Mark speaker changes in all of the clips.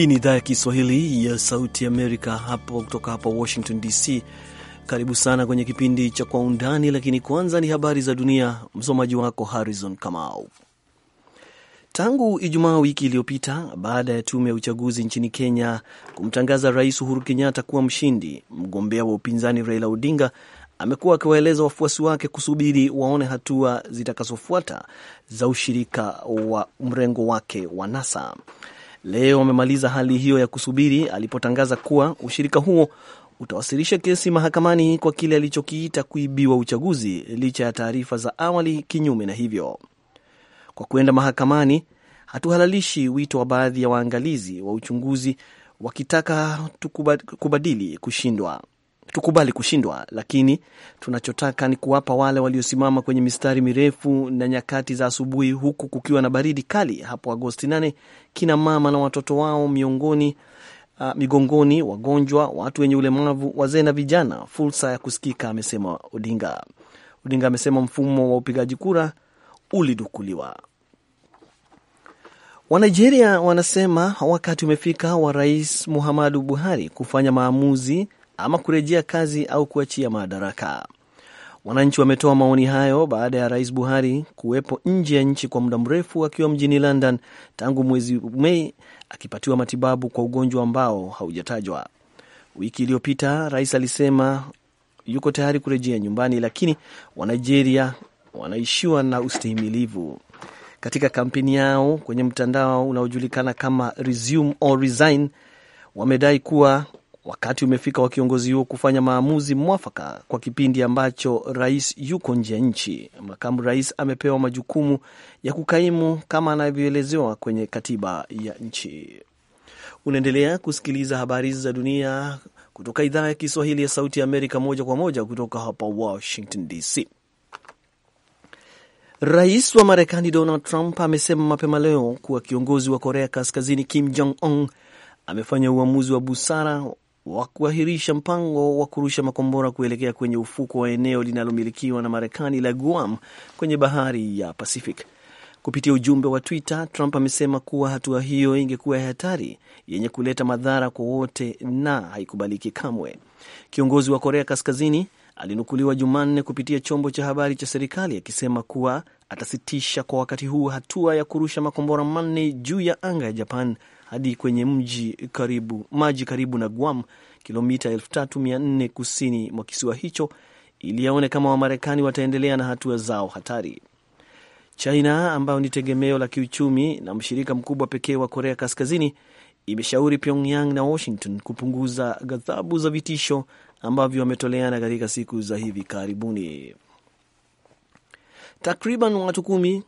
Speaker 1: Hii ni idhaa ya Kiswahili ya Sauti Amerika hapo kutoka hapa Washington DC. Karibu sana kwenye kipindi cha Kwa Undani, lakini kwanza ni habari za dunia. Msomaji wako Harrison Kamau. Tangu Ijumaa wiki iliyopita, baada ya tume ya uchaguzi nchini Kenya kumtangaza Rais Uhuru Kenyatta kuwa mshindi, mgombea wa upinzani Raila Odinga amekuwa akiwaeleza wafuasi wake kusubiri waone hatua zitakazofuata za ushirika wa mrengo wake wa NASA leo amemaliza hali hiyo ya kusubiri alipotangaza kuwa ushirika huo utawasilisha kesi mahakamani kwa kile alichokiita kuibiwa uchaguzi licha ya taarifa za awali kinyume na hivyo. Kwa kuenda mahakamani, hatuhalalishi wito wa baadhi ya waangalizi wa uchunguzi wakitaka kubadili kushindwa. Tukubali kushindwa, lakini tunachotaka ni kuwapa wale waliosimama kwenye mistari mirefu na nyakati za asubuhi, huku kukiwa na baridi kali hapo Agosti 8, kina mama na watoto wao miongoni uh, migongoni, wagonjwa, watu wenye ulemavu, wazee na vijana, fursa ya kusikika, amesema Odinga. Odinga amesema mfumo wa upigaji kura ulidukuliwa. Wanigeria wanasema wakati umefika wa Rais Muhammadu Buhari kufanya maamuzi ama kurejea kazi au kuachia madaraka. Wananchi wametoa maoni hayo baada ya Rais Buhari kuwepo nje ya nchi kwa muda mrefu akiwa mjini London tangu mwezi Mei akipatiwa matibabu kwa ugonjwa ambao haujatajwa. Wiki iliyopita rais alisema yuko tayari kurejea nyumbani, lakini Wanigeria wanaishiwa na ustahimilivu. Katika kampeni yao kwenye mtandao unaojulikana kama Resume or Resign, wamedai kuwa Wakati umefika wa kiongozi huo kufanya maamuzi mwafaka kwa kipindi ambacho rais yuko nje ya nchi. Makamu rais amepewa majukumu ya kukaimu kama anavyoelezewa kwenye katiba ya nchi. Unaendelea kusikiliza habari za dunia kutoka idhaa ya Kiswahili ya Sauti ya Amerika, moja kwa moja kutoka hapa Washington DC. Rais wa Marekani Donald Trump amesema mapema leo kuwa kiongozi wa Korea Kaskazini Kim Jong Un amefanya uamuzi wa busara wa kuahirisha mpango wa kurusha makombora kuelekea kwenye ufuko wa eneo linalomilikiwa na Marekani la Guam kwenye bahari ya Pacific. Kupitia ujumbe wa Twitter, Trump amesema kuwa hatua hiyo ingekuwa ya hatari yenye kuleta madhara kwa wote na haikubaliki kamwe. Kiongozi wa Korea Kaskazini alinukuliwa Jumanne kupitia chombo cha habari cha serikali akisema kuwa atasitisha kwa wakati huu hatua ya kurusha makombora manne juu ya anga ya Japan hadi kwenye mji karibu, maji karibu na Guam, kilomita 3400 kusini mwa kisiwa hicho, ili yaone kama Wamarekani wataendelea na hatua zao hatari. China ambayo ni tegemeo la kiuchumi na mshirika mkubwa pekee wa Korea Kaskazini imeshauri Pyongyang na Washington kupunguza ghadhabu za vitisho ambavyo wametoleana katika siku za hivi karibuni. Takriban watu kumi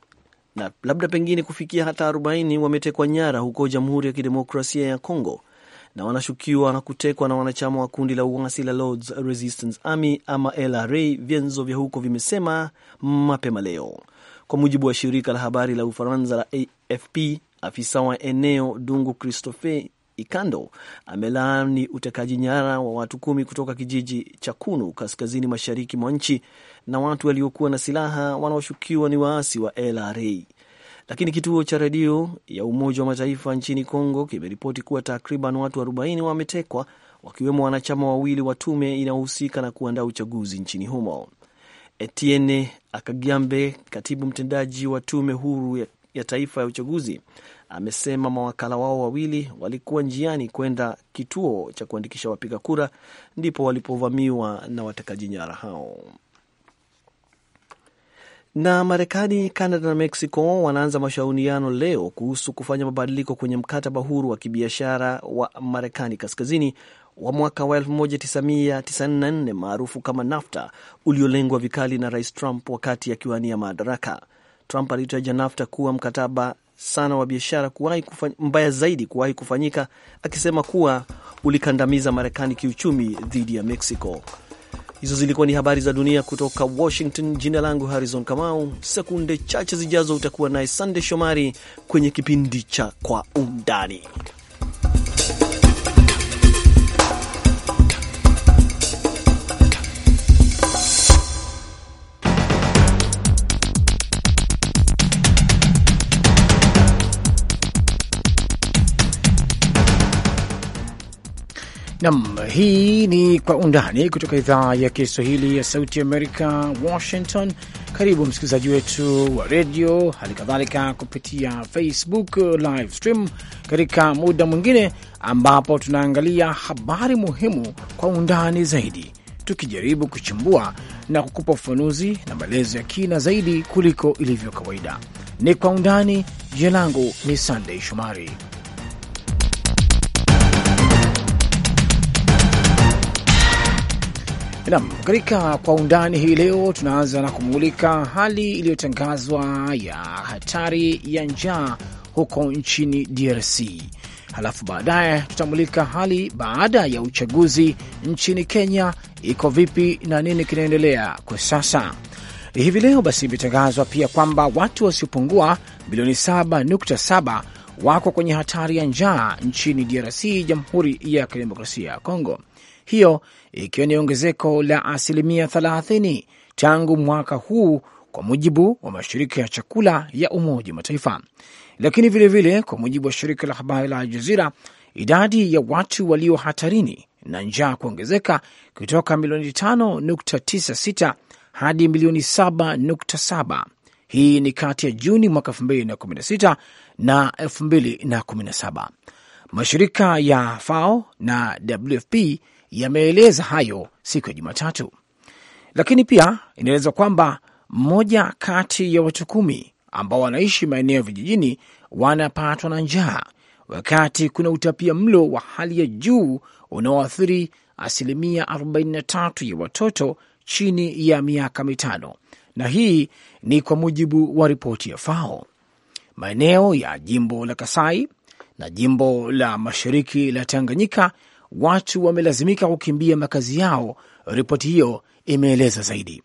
Speaker 1: na labda pengine kufikia hata arobaini wametekwa nyara huko Jamhuri ya Kidemokrasia ya Congo na wanashukiwa na kutekwa na wanachama wa kundi la uasi la Lords Resistance Army ama LRA, vyanzo vya huko vimesema mapema leo, kwa mujibu wa shirika la habari la Ufaransa la AFP. Afisa wa eneo Dungu Christophe Ikando amelaani utekaji nyara wa watu kumi kutoka kijiji cha Kunu kaskazini mashariki mwa nchi na watu waliokuwa na silaha wanaoshukiwa ni waasi wa LRA. Lakini kituo cha redio ya Umoja wa Mataifa nchini Kongo kimeripoti kuwa takriban watu 40 wametekwa, wakiwemo wanachama wawili wa tume inayohusika na kuandaa uchaguzi nchini humo. Etienne Akagambe, katibu mtendaji wa tume huru ya taifa ya uchaguzi, amesema mawakala wao wawili walikuwa njiani kwenda kituo cha kuandikisha wapiga kura ndipo walipovamiwa na watekaji nyara hao. Na Marekani, Canada na Mexico wanaanza mashauriano leo kuhusu kufanya mabadiliko kwenye mkataba huru wa kibiashara wa Marekani kaskazini wa mwaka wa 1994 maarufu kama NAFTA uliolengwa vikali na Rais Trump wakati akiwania madaraka. Trump alitaja NAFTA kuwa mkataba sana wa biashara kuwahi mbaya zaidi kuwahi kufanyika, akisema kuwa ulikandamiza Marekani kiuchumi dhidi ya Mexico. Hizo zilikuwa ni habari za dunia kutoka Washington. Jina langu Harrison Kamau. Sekunde chache zijazo utakuwa naye Sande Shomari kwenye kipindi cha Kwa Undani.
Speaker 2: Nam, hii ni Kwa Undani kutoka idhaa ya Kiswahili ya Sauti Amerika, Washington. Karibu msikilizaji wetu wa redio, hali kadhalika kupitia Facebook live stream, katika muda mwingine ambapo tunaangalia habari muhimu kwa undani zaidi, tukijaribu kuchimbua na kukupa ufafanuzi na maelezo ya kina zaidi kuliko ilivyo kawaida. Ni Kwa Undani. Jina langu ni Sandei Shomari. Nam, katika kwa undani hii leo tunaanza na kumulika hali iliyotangazwa ya hatari ya njaa huko nchini DRC. Halafu baadaye tutamulika hali baada ya uchaguzi nchini Kenya iko vipi na nini kinaendelea kwa sasa. Hivi leo basi imetangazwa pia kwamba watu wasiopungua bilioni 7.7 wako kwenye hatari ya njaa nchini DRC, Jamhuri ya Kidemokrasia ya Kongo hiyo ikiwa ni ongezeko la asilimia 30 tangu mwaka huu, kwa mujibu wa mashirika ya chakula ya Umoja wa Mataifa. Lakini vilevile vile, kwa mujibu wa shirika la habari la Aljazira, idadi ya watu walio hatarini na njaa kuongezeka kutoka milioni 5.96 hadi milioni 7.7. Hii ni kati ya Juni mwaka 2016 na 2017. Mashirika ya FAO na WFP yameeleza hayo siku ya Jumatatu, lakini pia inaelezwa kwamba mmoja kati ya watu kumi ambao wanaishi maeneo ya vijijini wanapatwa na njaa, wakati kuna utapia mlo wa hali ya juu unaoathiri asilimia 43 ya watoto chini ya miaka mitano, na hii ni kwa mujibu wa ripoti ya FAO. Maeneo ya jimbo la Kasai na jimbo la mashariki la Tanganyika watu wamelazimika kukimbia makazi yao, ripoti hiyo imeeleza zaidi.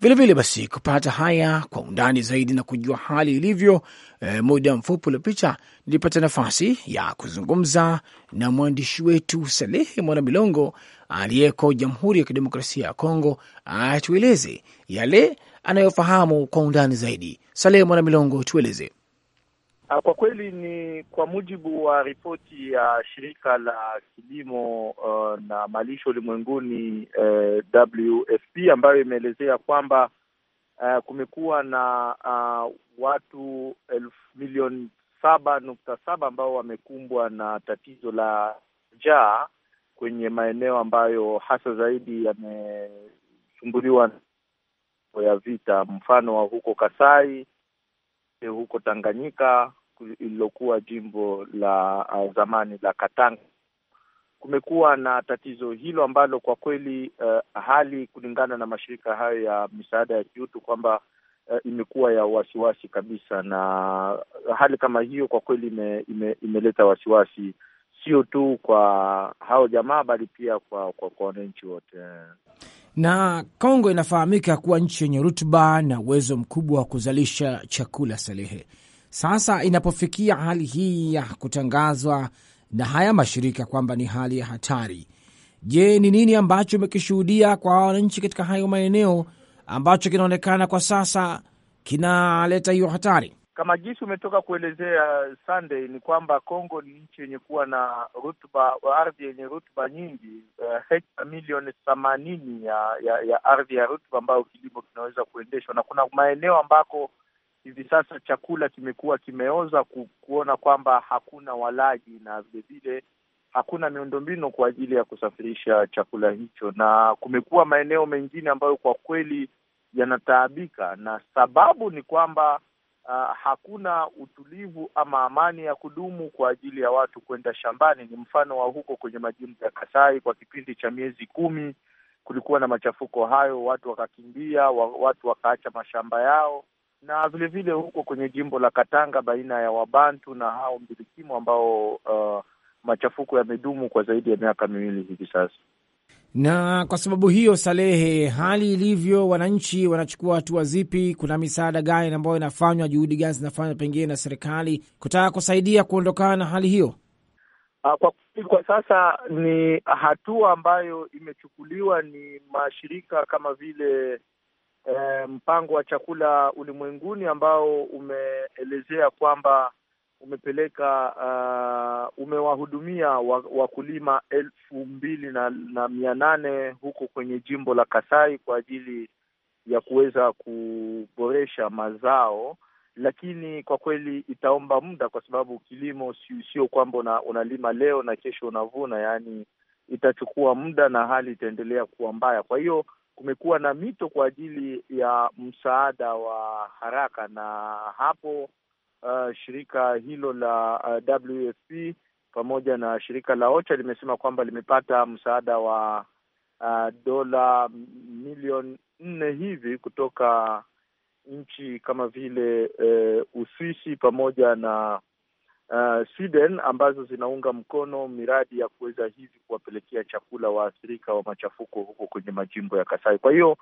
Speaker 2: Vilevile basi, kupata haya kwa undani zaidi na kujua hali ilivyo, e, muda mfupi uliopita nilipata nafasi ya kuzungumza na mwandishi wetu Salehe Mwanamilongo aliyeko Jamhuri ya Kidemokrasia ya Kongo, atueleze yale anayofahamu kwa undani zaidi. Salehe Mwanamilongo, tueleze.
Speaker 3: Ah, kwa kweli ni kwa mujibu wa ripoti ya shirika la kilimo uh, na malisho ulimwenguni uh, WFP ambayo imeelezea kwamba uh, kumekuwa na uh, watu elfu milioni saba nukta saba ambao wamekumbwa na tatizo la njaa kwenye maeneo ambayo hasa zaidi yamesumbuliwa ya vita, mfano wa huko Kasai, huko Tanganyika, lililokuwa jimbo la uh, zamani la Katanga. Kumekuwa na tatizo hilo ambalo kwa kweli uh, hali kulingana na mashirika hayo ya misaada ya kiutu kwamba uh, imekuwa ya wasiwasi kabisa, na uh, hali kama hiyo kwa kweli ime, ime, imeleta wasiwasi sio tu kwa hao jamaa bali pia kwa kwa, wananchi wote.
Speaker 2: Na Kongo inafahamika kuwa nchi yenye rutuba na uwezo mkubwa wa kuzalisha chakula salehe. Sasa inapofikia hali hii ya kutangazwa na haya mashirika kwamba ni hali ya hatari, je, ni nini ambacho umekishuhudia kwa wananchi katika hayo maeneo ambacho kinaonekana kwa sasa kinaleta hiyo hatari?
Speaker 3: Kama jinsi umetoka kuelezea Sunday, ni kwamba Kongo ni nchi yenye kuwa na rutuba, ardhi yenye rutuba nyingi, eh, hekta milioni themanini ya, ya, ya ardhi ya rutuba ambayo kilimo kinaweza kuendeshwa, na kuna maeneo ambako hivi sasa chakula kimekuwa kimeoza ku, kuona kwamba hakuna walaji na vilevile hakuna miundombinu kwa ajili ya kusafirisha chakula hicho, na kumekuwa maeneo mengine ambayo kwa kweli yanataabika, na sababu ni kwamba uh, hakuna utulivu ama amani ya kudumu kwa ajili ya watu kwenda shambani. Ni mfano wa huko kwenye majimbo ya Kasai, kwa kipindi cha miezi kumi kulikuwa na machafuko hayo, watu wakakimbia, watu wakaacha mashamba yao na vile vile huko kwenye jimbo la Katanga baina ya Wabantu na hao mbilikimu ambao uh, machafuko yamedumu kwa zaidi ya miaka miwili hivi sasa.
Speaker 2: Na kwa sababu hiyo, Salehe, hali ilivyo, wananchi wanachukua hatua zipi? Kuna misaada gani ambayo inafanywa, juhudi gani zinafanywa pengine na serikali kutaka kusaidia kuondokana na hali hiyo?
Speaker 4: Ah, kwa kwa sasa ni
Speaker 3: hatua ambayo imechukuliwa ni mashirika kama vile e, mpango wa chakula ulimwenguni ambao umeelezea kwamba umepeleka uh, umewahudumia wakulima elfu mbili na, na mia nane huko kwenye jimbo la Kasai kwa ajili ya kuweza kuboresha mazao, lakini kwa kweli itaomba muda, kwa sababu kilimo sio kwamba una, unalima leo na kesho unavuna, yaani itachukua muda na hali itaendelea kuwa mbaya. Kwa hiyo kumekuwa na mito kwa ajili ya msaada wa haraka, na hapo uh, shirika hilo la uh, WFP pamoja na shirika la OCHA limesema kwamba limepata msaada wa uh, dola milioni nne hivi kutoka nchi kama vile uh, Uswisi pamoja na uh, Sweden ambazo zinaunga mkono miradi ya kuweza hivi kuwapelekea chakula waathirika wa machafuko huko kwenye majimbo ya Kasai. Kwa hiyo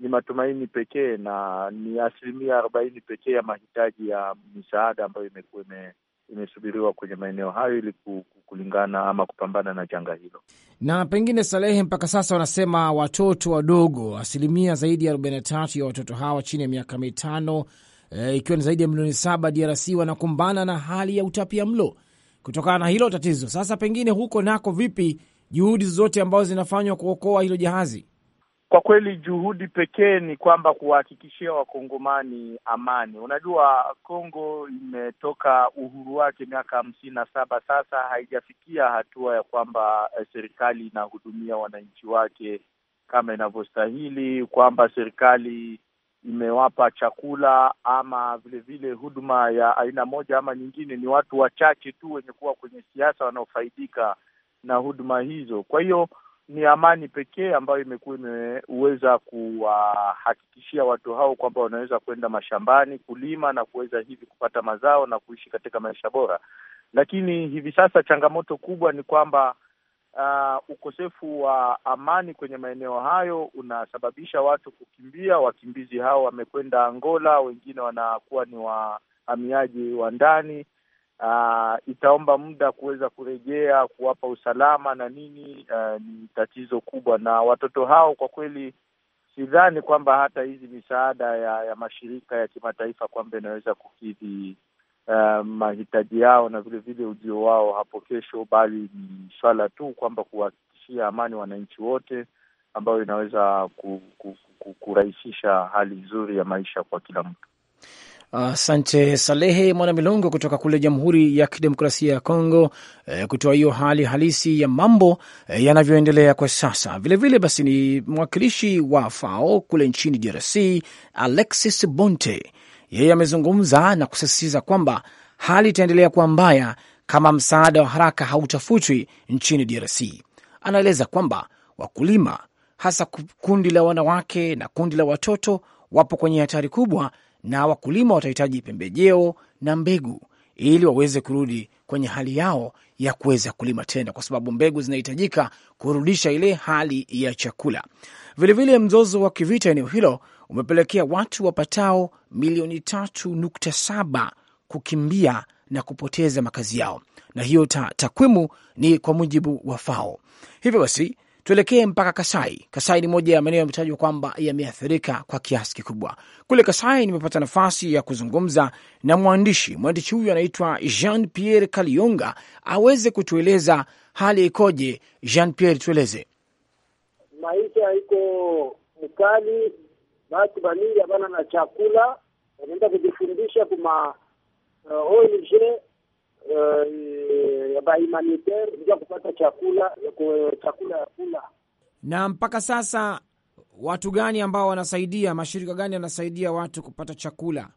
Speaker 3: ni matumaini pekee na ni asilimia arobaini pekee ya mahitaji ya misaada ambayo imekuwa ime imesubiriwa kwenye maeneo hayo ili kulingana ama kupambana na janga hilo.
Speaker 2: Na pengine Salehe, mpaka sasa wanasema watoto wadogo, asilimia zaidi ya arobaini na tatu ya watoto hawa chini ya miaka mitano e, ikiwa ni zaidi ya milioni saba DRC wanakumbana na hali ya utapia mlo. Kutokana na hilo tatizo sasa, pengine huko nako vipi, juhudi zote ambazo zinafanywa kuokoa hilo jahazi? Kwa kweli juhudi pekee ni kwamba
Speaker 3: kuwahakikishia wakongomani amani. Unajua, Kongo imetoka uhuru wake miaka hamsini na saba sasa, haijafikia hatua ya kwamba eh, serikali inahudumia wananchi wake kama inavyostahili, kwamba serikali imewapa chakula ama vilevile vile huduma ya aina moja ama nyingine. Ni watu wachache tu wenye kuwa kwenye siasa wanaofaidika na huduma hizo. Kwa hiyo ni amani pekee ambayo imekuwa imeweza kuwahakikishia watu hao kwamba wanaweza kwenda mashambani kulima na kuweza hivi kupata mazao na kuishi katika maisha bora. Lakini hivi sasa changamoto kubwa ni kwamba uh, ukosefu wa amani kwenye maeneo hayo unasababisha watu kukimbia. Wakimbizi hao wamekwenda Angola, wengine wanakuwa ni wahamiaji wa ndani. Uh, itaomba muda kuweza kurejea kuwapa usalama na nini. Uh, ni tatizo kubwa, na watoto hao kwa kweli sidhani kwamba hata hizi misaada ya, ya mashirika ya kimataifa kwamba inaweza kukidhi uh, mahitaji yao na vilevile ujio wao hapo kesho, bali ni swala tu kwamba kuhakikishia amani wananchi wote, ambayo inaweza ku, ku, ku, kurahisisha hali nzuri ya maisha kwa kila mtu.
Speaker 2: Asante uh, Salehe Milongo kutoka kule Jamhuri ya Kidemokrasia ya Kongo eh, kutoa hiyo hali halisi ya mambo eh, yanavyoendelea kwa sasa. Vilevile vile basi ni mwakilishi wa FAO kule nchini DRC Alexis Bonte yeye amezungumza na kusisitiza kwamba hali itaendelea kuwa mbaya kama msaada wa haraka hautafutwi nchini DRC. Anaeleza kwamba wakulima, hasa kundi la wanawake na kundi la watoto, wapo kwenye hatari kubwa, na wakulima watahitaji pembejeo na mbegu ili waweze kurudi kwenye hali yao ya kuweza kulima tena, kwa sababu mbegu zinahitajika kurudisha ile hali ya chakula. Vilevile mzozo wa kivita eneo hilo umepelekea watu wapatao milioni tatu nukta saba kukimbia na kupoteza makazi yao, na hiyo takwimu ni kwa mujibu wa FAO. Hivyo basi tuelekee mpaka Kasai. Kasai ni moja ya maeneo yametajwa kwamba yameathirika kwa kiasi kikubwa. Kule Kasai nimepata nafasi ya kuzungumza na mwandishi. Mwandishi huyu anaitwa Jean Pierre Kalionga, aweze kutueleza hali ikoje. Jean Pierre, tueleze
Speaker 4: maisha iko mkali, batu baningi bana na chakula, wanaenda kujifundisha kuma uh, ONG uh, ya bahumanitaire ndio kupata chakula ya chakula ya kula.
Speaker 2: Na mpaka sasa watu gani ambao wanasaidia, mashirika gani yanasaidia watu kupata chakula?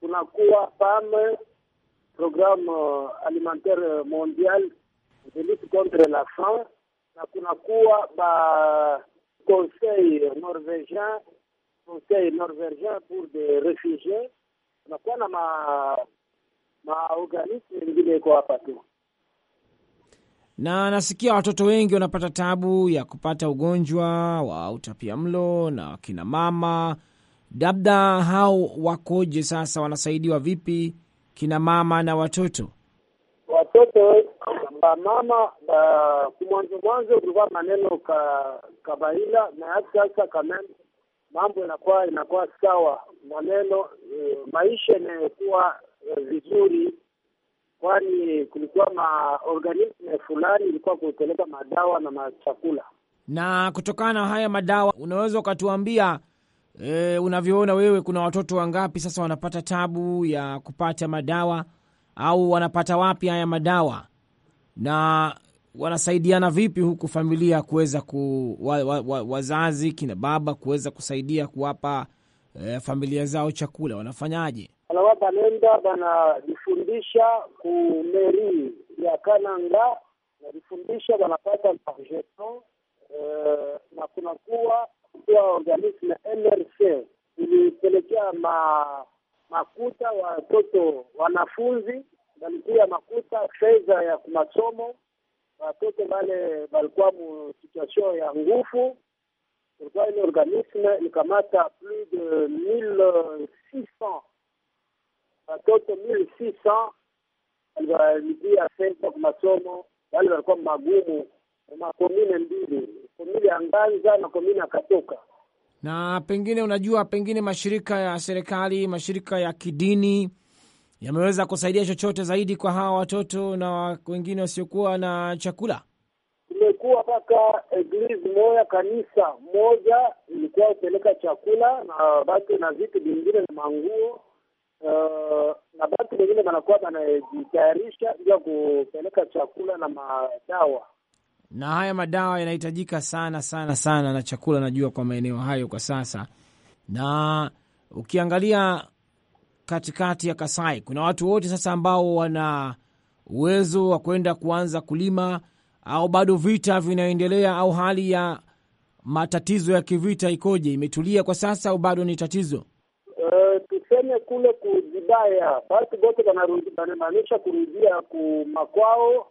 Speaker 4: Kunakuwa pame programme alimentaire mondial de lutte contre la faim na kunakuwa ba conseil norvegien conseil norvegien pour de refugie, kunakuwa na ma maorganisme mengine iko hapa tu
Speaker 2: na nasikia watoto wengi wanapata tabu ya kupata ugonjwa wa utapia mlo na kina mama, labda hao wakoje? Sasa wanasaidiwa vipi kina mama na watoto?
Speaker 4: Watoto kwamba mama kumwanzo mwanzo kulikuwa maneno ka kabaila na hata sasa kameme mambo inakuwa inakuwa sawa, maneno e, maisha inayokuwa e, vizuri, kwani kulikuwa maorganisme fulani ilikuwa kupeleka madawa na machakula.
Speaker 2: Na kutokana na haya madawa, unaweza ukatuambia e, unavyoona wewe, kuna watoto wangapi sasa wanapata tabu ya kupata madawa au wanapata wapi haya madawa? na wanasaidiana vipi huku familia kuweza ku wa, wa, wa, wazazi kina baba kuweza kusaidia kuwapa eh, familia zao chakula wanafanyaje?
Speaker 4: Wanawapa nenda wanajifundisha kumeri ya Kananga, wanajifundisha wanapata majeto e, na kunakuwa kuwa organisme MRC ilipelekea ma, makuta watoto wanafunzi walipia makuta fedha ya kumasomo watoto wale walikuwa mu situation ya nguvu. Kulikuwa ile organisme likamata plus de 1600 watoto 1600 six fedha kumasomo masomo wale walikuwa magumu makomine mbili, komune ya Nganza na komune ya Katoka.
Speaker 2: Na pengine unajua, pengine mashirika ya serikali, mashirika ya kidini yameweza kusaidia chochote zaidi kwa hawa watoto na wengine wasiokuwa na chakula?
Speaker 4: tumekuwa mpaka eglise moya, kanisa moja ilikuwa upeleka chakula na batu na vitu vingine na manguo Uh, na batu wengine wanakuwa wanajitayarisha ya kupeleka chakula na madawa,
Speaker 2: na haya madawa yanahitajika sana sana sana, na chakula najua kwa maeneo hayo kwa sasa. Na ukiangalia katikati ya Kasai, kuna watu wote sasa ambao wana uwezo wa kwenda kuanza kulima, au bado vita vinaendelea, au hali ya matatizo ya kivita ikoje? Imetulia kwa sasa au bado ni tatizo?
Speaker 4: Uh, tuseme kule kujibaya basi bote wanamaanisha kurudia kumakwao makwao,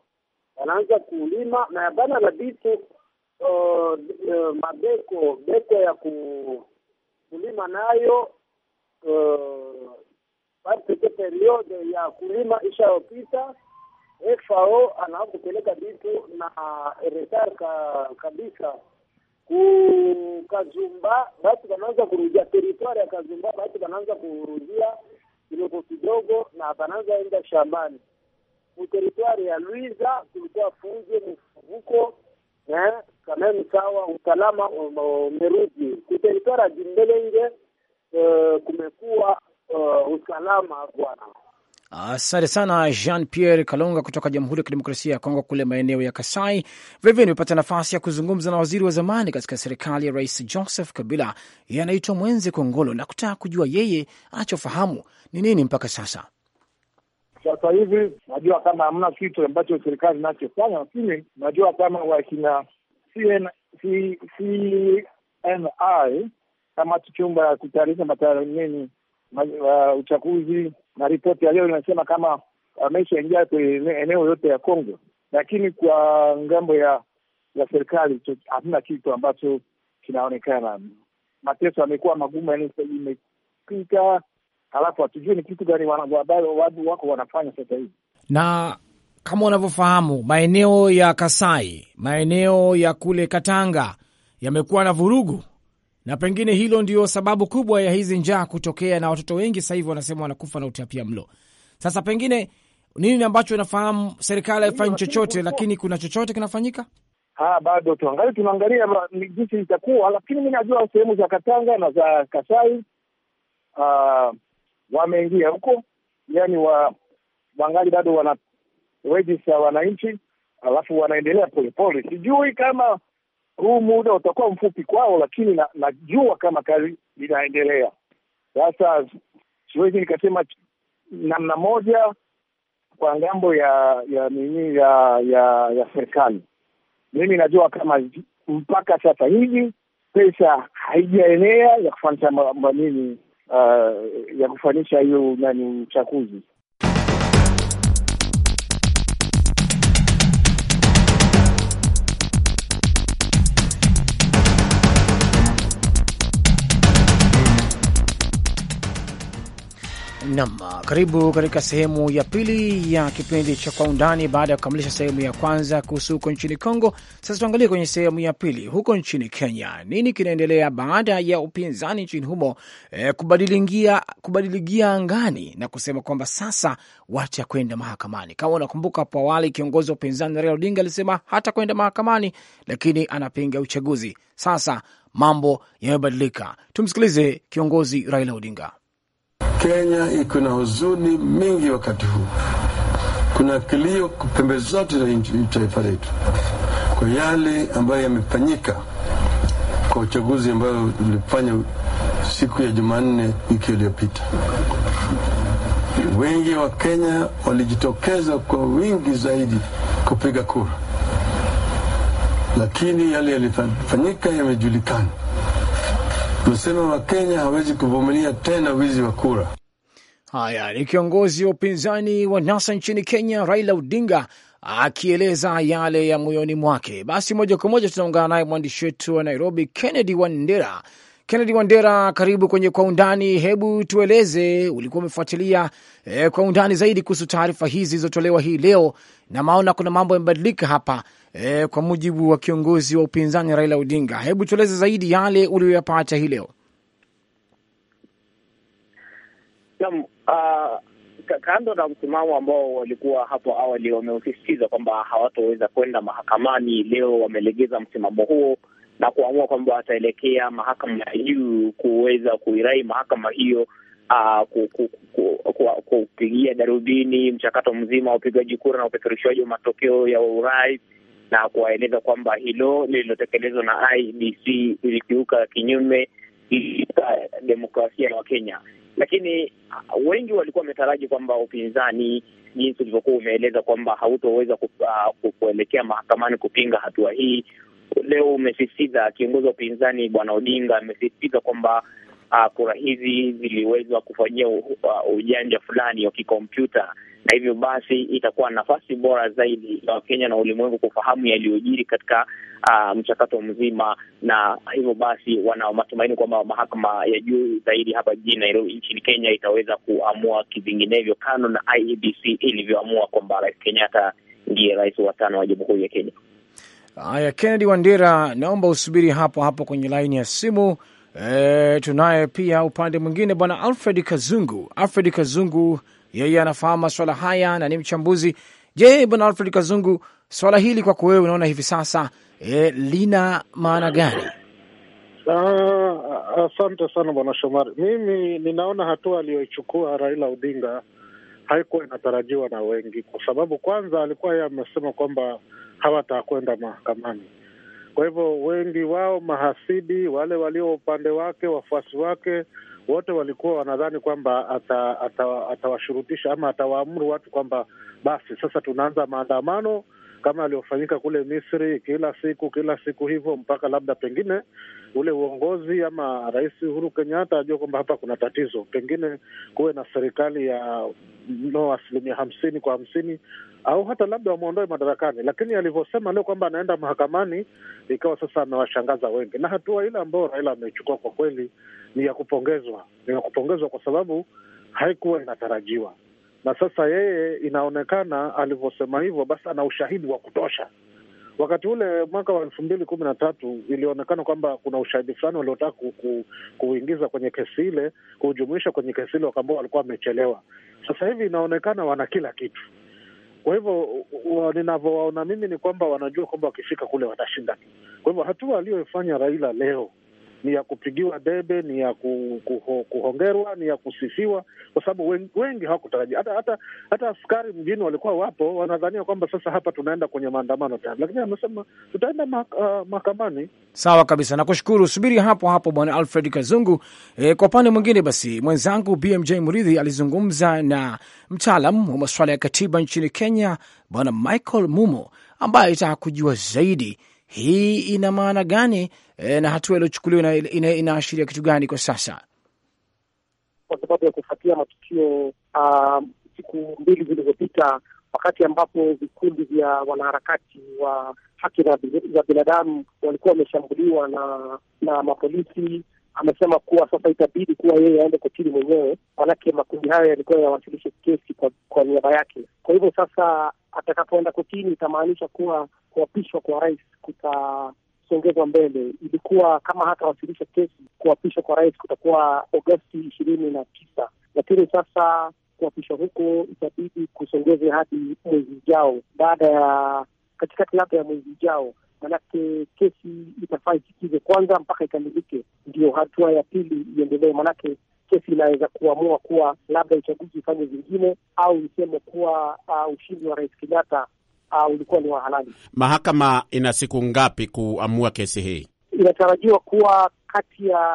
Speaker 4: wanaanza kulima na yabana na bitu uh, uh, mabeko beko ya kulima nayo uh, parce periode ya kulima ishayopita, FAO anakupeleka vitu na retar ka, kabisa ku Kazumba, basi kanaanza kurudia teritwari ya Kazumba, basi kanaanza kurudia kidogo kidogo, na kanaanza enda shambani mu teritwari ya Luiza, kulikuwa funje mfuvuko eh, kameme sawa, usalama umerudi ku teritwari ya Jimbelenge. Uh, eh, kumekuwa uh, usalama bwana.
Speaker 2: Asante sana Jean Pierre Kalonga kutoka Jamhuri ya Kidemokrasia ya Kongo kule maeneo ya Kasai. Vilevile nimepata nafasi ya kuzungumza na waziri wa zamani katika serikali ya Rais Joseph Kabila, yeye anaitwa Mwenze Kongolo, na kutaka kujua yeye anachofahamu ni nini mpaka sasa.
Speaker 4: Sasa hivi najua kama hamna kitu ambacho serikali inachofanya, lakini najua kama wakina CNI kama chumba ya kutayarisha nini uh, uchaguzi na ripoti ya leo inasema kama wameshaingia uh, kwenye eneo yote ya Kongo, lakini kwa ngambo ya ya serikali hatuna kitu ambacho kinaonekana. Mateso amekuwa magumu, yaani imepita, halafu hatujui ni kitu gani watu wako wanafanya sasa hivi.
Speaker 2: Na kama unavyofahamu, maeneo ya Kasai, maeneo ya kule Katanga yamekuwa na vurugu na pengine hilo ndio sababu kubwa ya hizi njaa kutokea, na watoto wengi sasa hivi wanasema wanakufa na utapia mlo. Sasa pengine nini ambacho unafahamu, serikali haifanyi chochote, lakini kuna chochote kinafanyika? Ha, bado
Speaker 4: tuangali tunaangalia jinsi itakuwa, lakini mi najua sehemu za Katanga na za Kasai uh, wameingia huko, yani wa wangali bado wana wananchi, alafu wanaendelea polepole, sijui kama huu muda utakuwa mfupi kwao, lakini najua na kama kazi inaendelea. Sasa siwezi nikasema namna moja kwa ngambo ya ya nini ya ya, ya serikali. Mimi najua kama mpaka sasa hivi pesa haijaenea ya kufanisha nini, uh, ya kufanisha hiyo nani uchaguzi
Speaker 2: Nam, karibu katika sehemu ya pili ya kipindi cha Kwa Undani. Baada ya kukamilisha sehemu ya kwanza kuhusu huko nchini Kongo, sasa tuangalie kwenye sehemu ya pili huko nchini Kenya. Nini kinaendelea baada ya upinzani nchini humo eh, kubadiligia, angani na kusema kwamba sasa wacha kwenda mahakamani. Kama unakumbuka, hapo awali kiongozi wa upinzani Raila Odinga alisema hata kwenda mahakamani, lakini anapinga uchaguzi. Sasa mambo yamebadilika. Tumsikilize kiongozi Raila Odinga.
Speaker 5: Kenya iko na huzuni mingi wakati huu,
Speaker 3: kuna kilio pembe zote za taifa letu kwa yale ambayo yamefanyika kwa uchaguzi ambayo ulifanya siku ya Jumanne
Speaker 6: wiki iliyopita.
Speaker 3: Wengi wa Kenya walijitokeza kwa wingi zaidi kupiga kura, lakini yale yalifanyika yamejulikana. Tuseme Wakenya hawezi kuvumilia
Speaker 2: tena wizi wa kura. Haya ni kiongozi wa upinzani wa NASA nchini Kenya, Raila Odinga akieleza yale ya moyoni mwake. Basi moja kwa moja tunaungana naye mwandishi wetu wa Nairobi, Kennedy Wandera Kennedy Wandera, karibu kwenye kwa undani. Hebu tueleze, ulikuwa umefuatilia eh, kwa undani zaidi kuhusu taarifa hizi zilizotolewa hii leo, na maona kuna mambo yamebadilika hapa eh, kwa mujibu wa kiongozi wa upinzani Raila Odinga. Hebu tueleze zaidi yale uliyoyapata hii leo.
Speaker 7: Naam, ah, kando na msimamo ambao walikuwa hapo awali wameusisitiza kwamba hawatoweza kwenda mahakamani, leo wamelegeza msimamo huo na kuamua kwamba wataelekea mahakama ya juu kuweza kuirai mahakama hiyo ah, kupigia darubini mchakato mzima wa upigaji kura na upeperushaji wa matokeo ya urais na kuwaeleza kwamba hilo lililotekelezwa na IBC e ilikiuka kinyume demokrasia wa Wakenya. Lakini ah, wengi walikuwa wametaraji kwamba upinzani, jinsi ulivyokuwa umeeleza kwamba hautoweza ah, kuelekea mahakamani kupinga hatua hii, leo umesisitiza kiongozi wa upinzani Bwana Odinga amesisitiza kwamba uh, kura hizi ziliwezwa kufanyia uh, ujanja fulani wa kikompyuta, na hivyo basi itakuwa nafasi bora zaidi ya Wakenya na ulimwengu kufahamu yaliyojiri katika uh, mchakato mzima, na hivyo basi wana matumaini kwamba mahakama ya juu zaidi hapa jijini Nairobi nchini Kenya itaweza kuamua kivinginevyo, kano na IEBC ilivyoamua kwamba Rais Kenyatta ndiye rais wa tano wa jamhuri ya Kenya.
Speaker 2: Haya, Kennedy Wandera, naomba usubiri hapo hapo kwenye laini ya simu. E, tunaye pia upande mwingine bwana Alfred Kazungu. Alfred Kazungu yeye anafahamu maswala haya na ni mchambuzi. Je, bwana Alfred Kazungu, swala hili kwako wewe unaona hivi sasa e, lina maana gani?
Speaker 6: Ah, asante sana bwana Shomari. Mimi ninaona hatua aliyoichukua Raila Odinga haikuwa inatarajiwa na wengi, kwa sababu kwanza alikuwa yeye amesema kwamba hawatakwenda mahakamani. Kwa hivyo wengi wao mahasidi, wale walio upande wake, wafuasi wake wote walikuwa wanadhani kwamba atawashurutisha ata, ata ama atawaamuru watu kwamba basi sasa tunaanza maandamano kama aliyofanyika kule Misri, kila siku kila siku hivyo, mpaka labda pengine ule uongozi ama Rais Uhuru Kenyatta ajua kwamba hapa kuna tatizo, pengine kuwe na serikali ya no asilimia hamsini kwa hamsini au hata labda wamwondoe madarakani, lakini alivyosema leo kwamba anaenda mahakamani ikawa sasa amewashangaza wengi, na hatua ile ambayo Raila ameichukua kwa kweli ni ya kupongezwa, ni ya kupongezwa kwa sababu haikuwa inatarajiwa. Na sasa yeye inaonekana alivyosema hivyo, basi ana ushahidi wa kutosha. Wakati ule mwaka wa elfu mbili kumi na tatu ilionekana kwamba kuna ushahidi fulani waliotaka ku, ku, kuingiza kwenye kesi ile, kuujumuisha kwenye kesi ile, wakaambao walikuwa wamechelewa. Sasa hivi inaonekana wana kila kitu kwa hivyo ninavyowaona mimi ni kwamba wanajua kwamba wakifika kule watashinda. Kwa hivyo hatua aliyoifanya Raila leo ni ya kupigiwa debe, ni ya kuho, kuhongerwa, ni ya kusifiwa, kwa sababu wengi, wengi hawakutarajia. Hata hata hata askari mjini walikuwa wapo wanadhania kwamba sasa hapa tunaenda kwenye maandamano tayari, lakini amesema tutaenda ah, mahakamani. Uh,
Speaker 2: sawa kabisa, nakushukuru. Subiri hapo hapo Bwana Alfred Kazungu. E, kwa upande mwingine basi mwenzangu BMJ Muridhi alizungumza na mtaalam wa masuala ya katiba nchini Kenya Bwana Michael Mumo ambaye itaka kujua zaidi hii ina maana gani e, na hatua iliyochukuliwa inaashiria kitu gani kwa sasa?
Speaker 4: Kwa sababu ya kufuatia matukio siku mbili zilizopita, wakati ambapo vikundi vya wanaharakati wa haki za binadamu walikuwa wameshambuliwa na na mapolisi, amesema kuwa sasa itabidi kuwa yeye aende kotini mwenyewe, manake makundi hayo yalikuwa yawasilishe kesi kwa, kwa niaba yake. Kwa hivyo sasa atakapoenda kotini itamaanisha kuwa kuapishwa kwa rais kutasongezwa mbele. Ilikuwa kama hatawasilisha kesi, kuapishwa kwa rais kutakuwa Agosti ishirini na tisa, lakini sasa kuapishwa huko itabidi kusongeze hadi mwezi ujao, baada ya katikati labda ya mwezi ujao, manake kesi itafaa isikize kwanza mpaka ikamilike, ndio hatua ya pili iendelee, manake kesi inaweza kuamua kuwa labda uchaguzi ufanye zingine au iseme kuwa uh, ushindi wa Rais Kenyatta uh, ulikuwa ni wa halali.
Speaker 5: Mahakama ina siku ngapi kuamua kesi hii?
Speaker 4: Inatarajiwa kuwa kati ya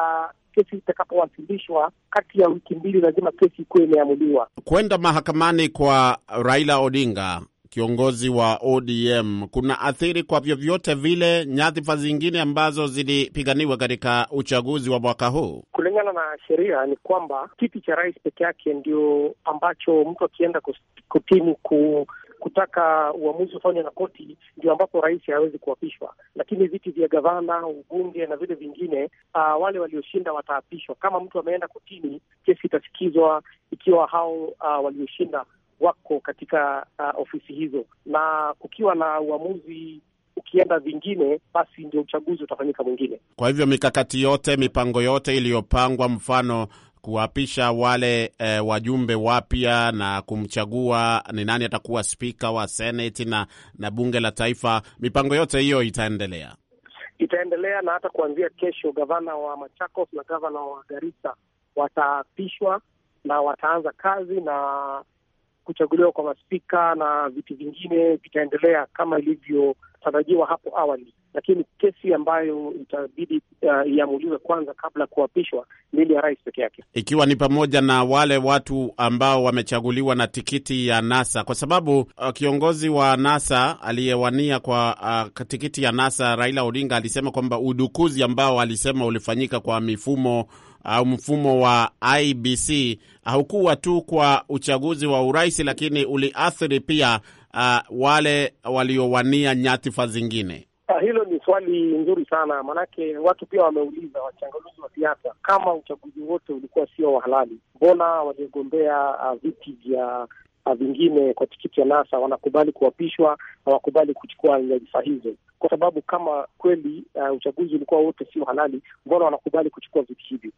Speaker 4: kesi itakapowasilishwa kati ya wiki mbili lazima kesi ikuwe imeamuliwa.
Speaker 5: Kwenda mahakamani kwa Raila Odinga kiongozi wa ODM kuna athiri kwa vyovyote vile nyadhifa zingine ambazo zilipiganiwa katika uchaguzi wa mwaka huu?
Speaker 4: Kulingana na sheria ni kwamba kiti cha rais peke yake ndio ambacho mtu akienda kotini ku kutaka uamuzi ufanywe na koti, ndio ambapo rais hawezi kuapishwa. Lakini viti vya gavana, ubunge na vile vingine, uh, wale walioshinda wataapishwa. Kama mtu ameenda kotini, kesi itasikizwa ikiwa hao uh, walioshinda wako katika uh, ofisi hizo, na kukiwa na uamuzi ukienda vingine, basi ndio uchaguzi utafanyika
Speaker 5: mwingine. Kwa hivyo mikakati yote, mipango yote iliyopangwa, mfano kuwapisha wale e, wajumbe wapya na kumchagua ni nani atakuwa spika wa seneti na na bunge la taifa, mipango yote hiyo itaendelea
Speaker 4: itaendelea, na hata kuanzia kesho gavana wa Machakos na gavana wa Garissa wataapishwa na wataanza kazi na kuchaguliwa kwa maspika na viti vingine vitaendelea kama ilivyotarajiwa hapo awali, lakini kesi ambayo itabidi uh, iamuliwe kwanza kabla ya kuapishwa ni ile ya rais peke yake,
Speaker 5: ikiwa ni pamoja na wale watu ambao wamechaguliwa na tikiti ya NASA, kwa sababu uh, kiongozi wa NASA aliyewania kwa uh, tikiti ya NASA Raila Odinga alisema kwamba udukuzi ambao alisema ulifanyika kwa mifumo au mfumo wa IBC haukuwa tu kwa uchaguzi wa urais, lakini uliathiri pia uh, wale waliowania nyadhifa zingine.
Speaker 4: Ah, hilo ni swali nzuri sana maanake, watu pia wameuliza, wachanganuzi wa siasa, kama uchaguzi wote ulikuwa sio wa halali, mbona waliogombea uh, ah, viti vya uh, vingine kwa tikiti ya NASA wanakubali kuapishwa, hawakubali kuchukua nyadhifa hizo? Kwa sababu kama kweli uh, uchaguzi ulikuwa wote sio halali, mbona wanakubali kuchukua viti hivyo?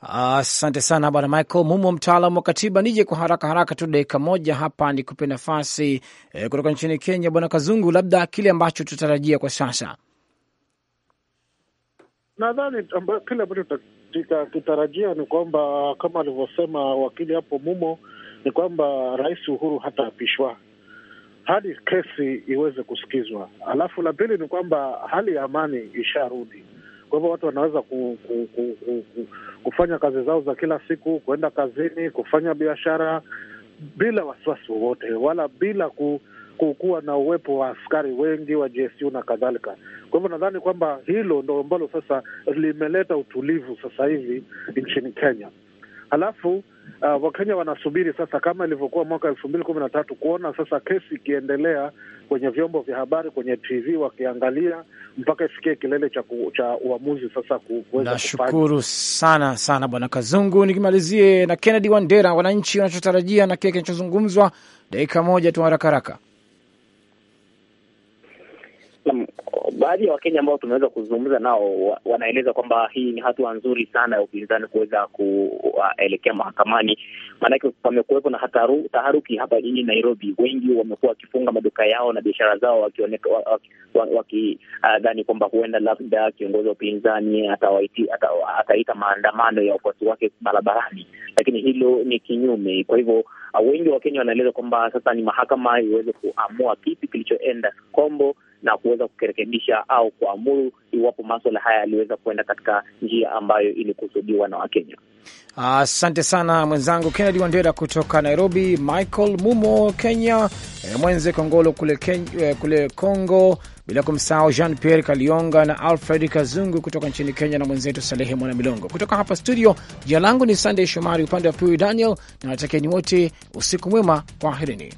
Speaker 2: Asante uh, sana bwana Michael Mumo, mtaalam wa katiba. Nije kwa haraka haraka tu dakika moja hapa nikupe nafasi eh, kutoka nchini Kenya, bwana Kazungu, labda kile ambacho tutarajia kwa sasa.
Speaker 6: Nadhani kile ambacho tutarajia ni kwamba kama alivyosema wakili hapo Mumo ni kwamba Rais Uhuru hataapishwa hadi kesi iweze kusikizwa, alafu la pili ni kwamba hali ya amani isharudi kwa hivyo watu wanaweza ku, ku, ku, ku, ku, kufanya kazi zao za kila siku, kuenda kazini, kufanya biashara bila wasiwasi wowote, wala bila ku, kukuwa na uwepo wa askari wengi wa GSU na kadhalika. Kwa hivyo nadhani kwamba hilo ndo ambalo sasa limeleta utulivu sasa hivi nchini Kenya. Halafu Uh, Wakenya wanasubiri sasa kama ilivyokuwa mwaka elfu mbili kumi na tatu kuona sasa kesi ikiendelea kwenye vyombo vya habari, kwenye TV wakiangalia mpaka ifikie kilele cha, ku, cha uamuzi sasa kuweza. Nashukuru
Speaker 2: sana sana Bwana Kazungu. Nikimalizie na Kennedy Wandera, wananchi wanachotarajia na kile kinachozungumzwa, dakika moja tu haraka haraka
Speaker 7: baadhi ya Wakenya ambao tumeweza kuzungumza nao wanaeleza kwamba hii ni hatua nzuri sana ya upinzani kuweza kuelekea uh, mahakamani, maanake pamekuwepo na hataru, taharuki hapa jijini Nairobi. Wengi wamekuwa wakifunga maduka yao na biashara zao wakidhani waki, uh, kwamba huenda labda kiongozi wa upinzani ataita maandamano ya wafuasi wake barabarani, lakini hilo ni kinyume. Kwa hivyo uh, wengi wa Wakenya wanaeleza kwamba sasa ni mahakama iweze kuamua kipi kilichoenda kombo na kuweza kukirekebisha au kuamuru iwapo maswala haya yaliweza kuenda katika njia ambayo ilikusudiwa na Wakenya.
Speaker 2: Asante ah, sana mwenzangu Kennedy Wandera kutoka Nairobi, Michael Mumo Kenya, eh, mwenze Kongolo kule, Ken, eh, kule Congo, bila kumsahau Jean Pierre Kalionga na Alfred Kazungu kutoka nchini Kenya na mwenzetu Salehe Mwanamilongo kutoka hapa studio. Jina langu ni Sandey Shomari, upande wa pili Daniel, na watakieni wote usiku mwema, kwaherini.